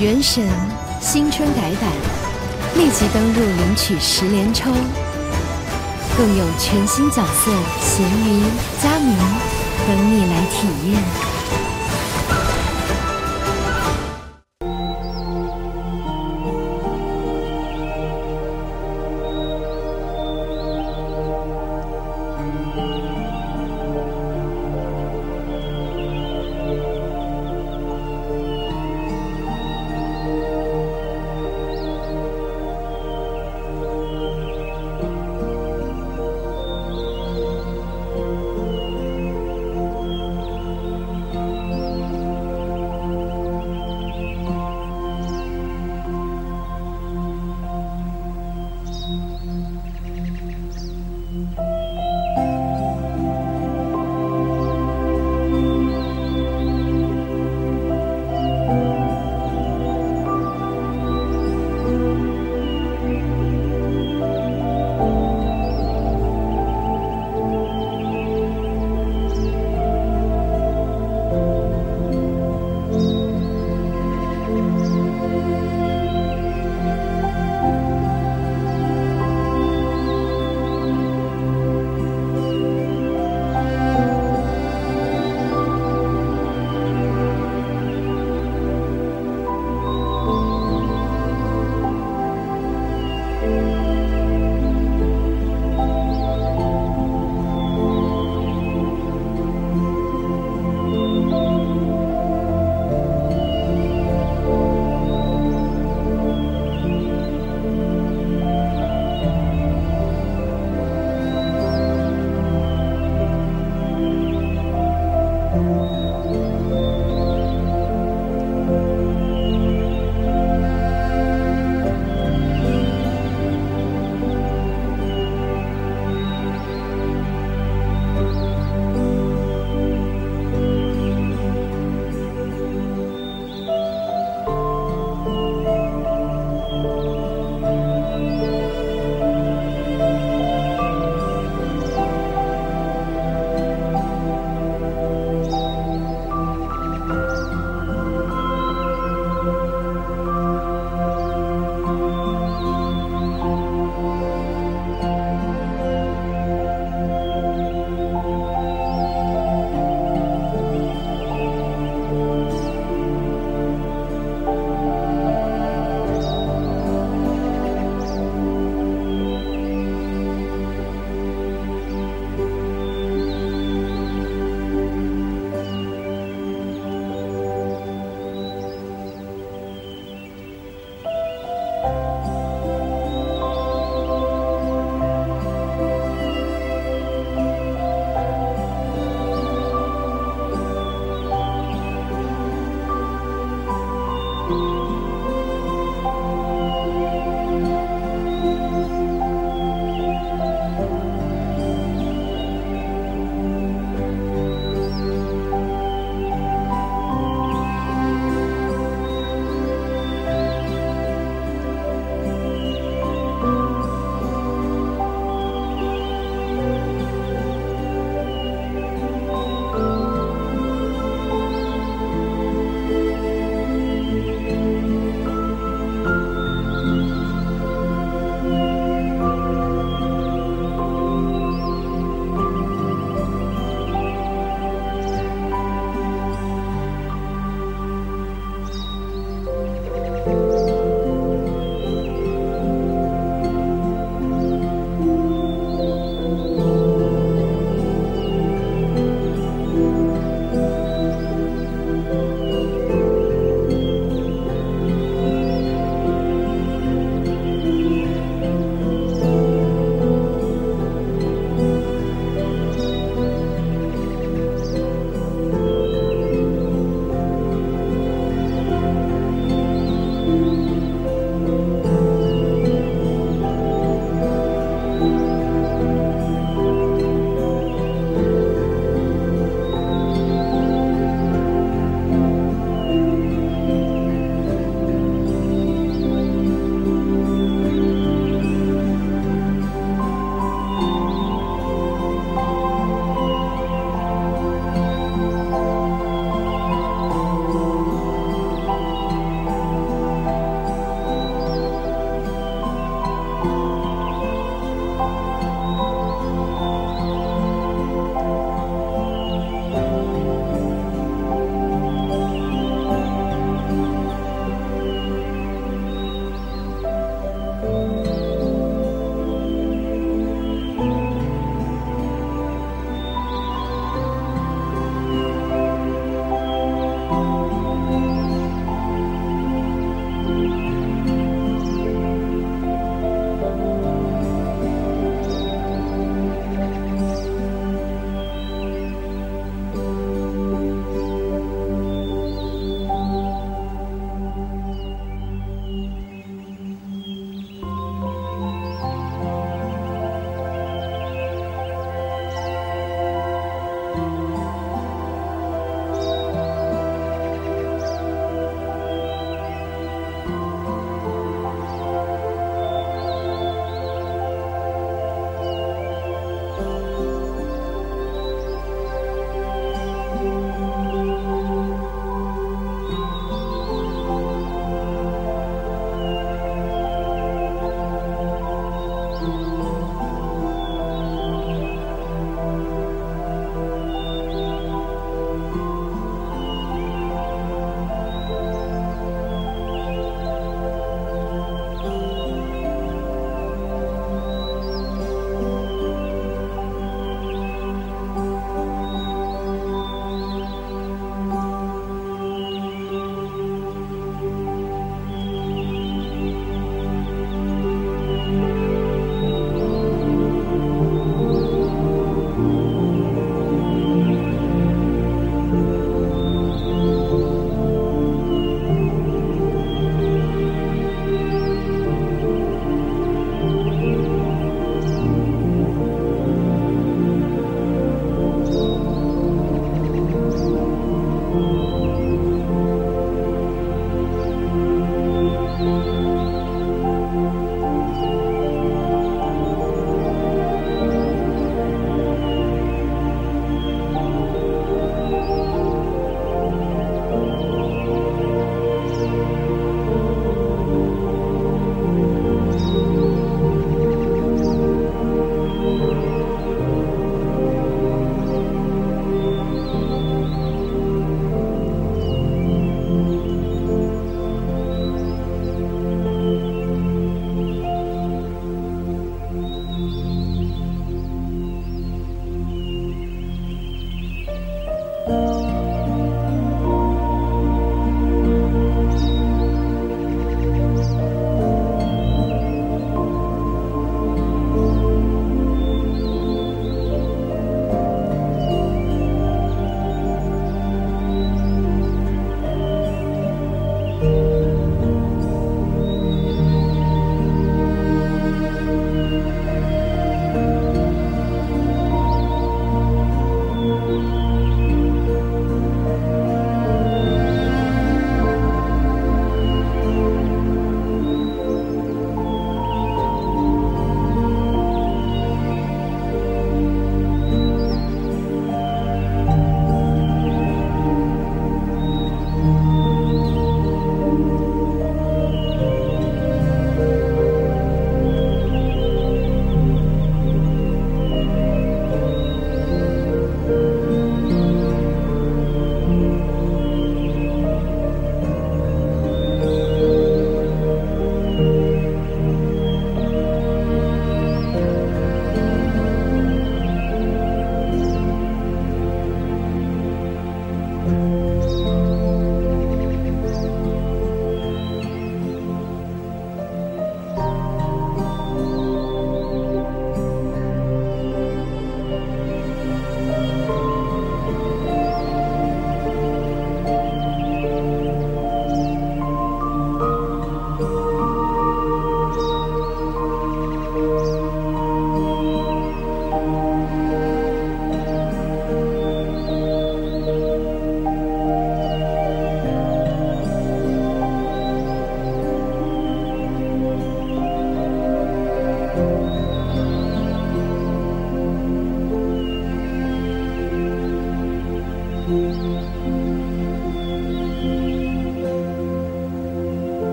《原神》新春改版，立即登錄領取十連抽，更有全新角色閑雲、嘉明等你來體驗。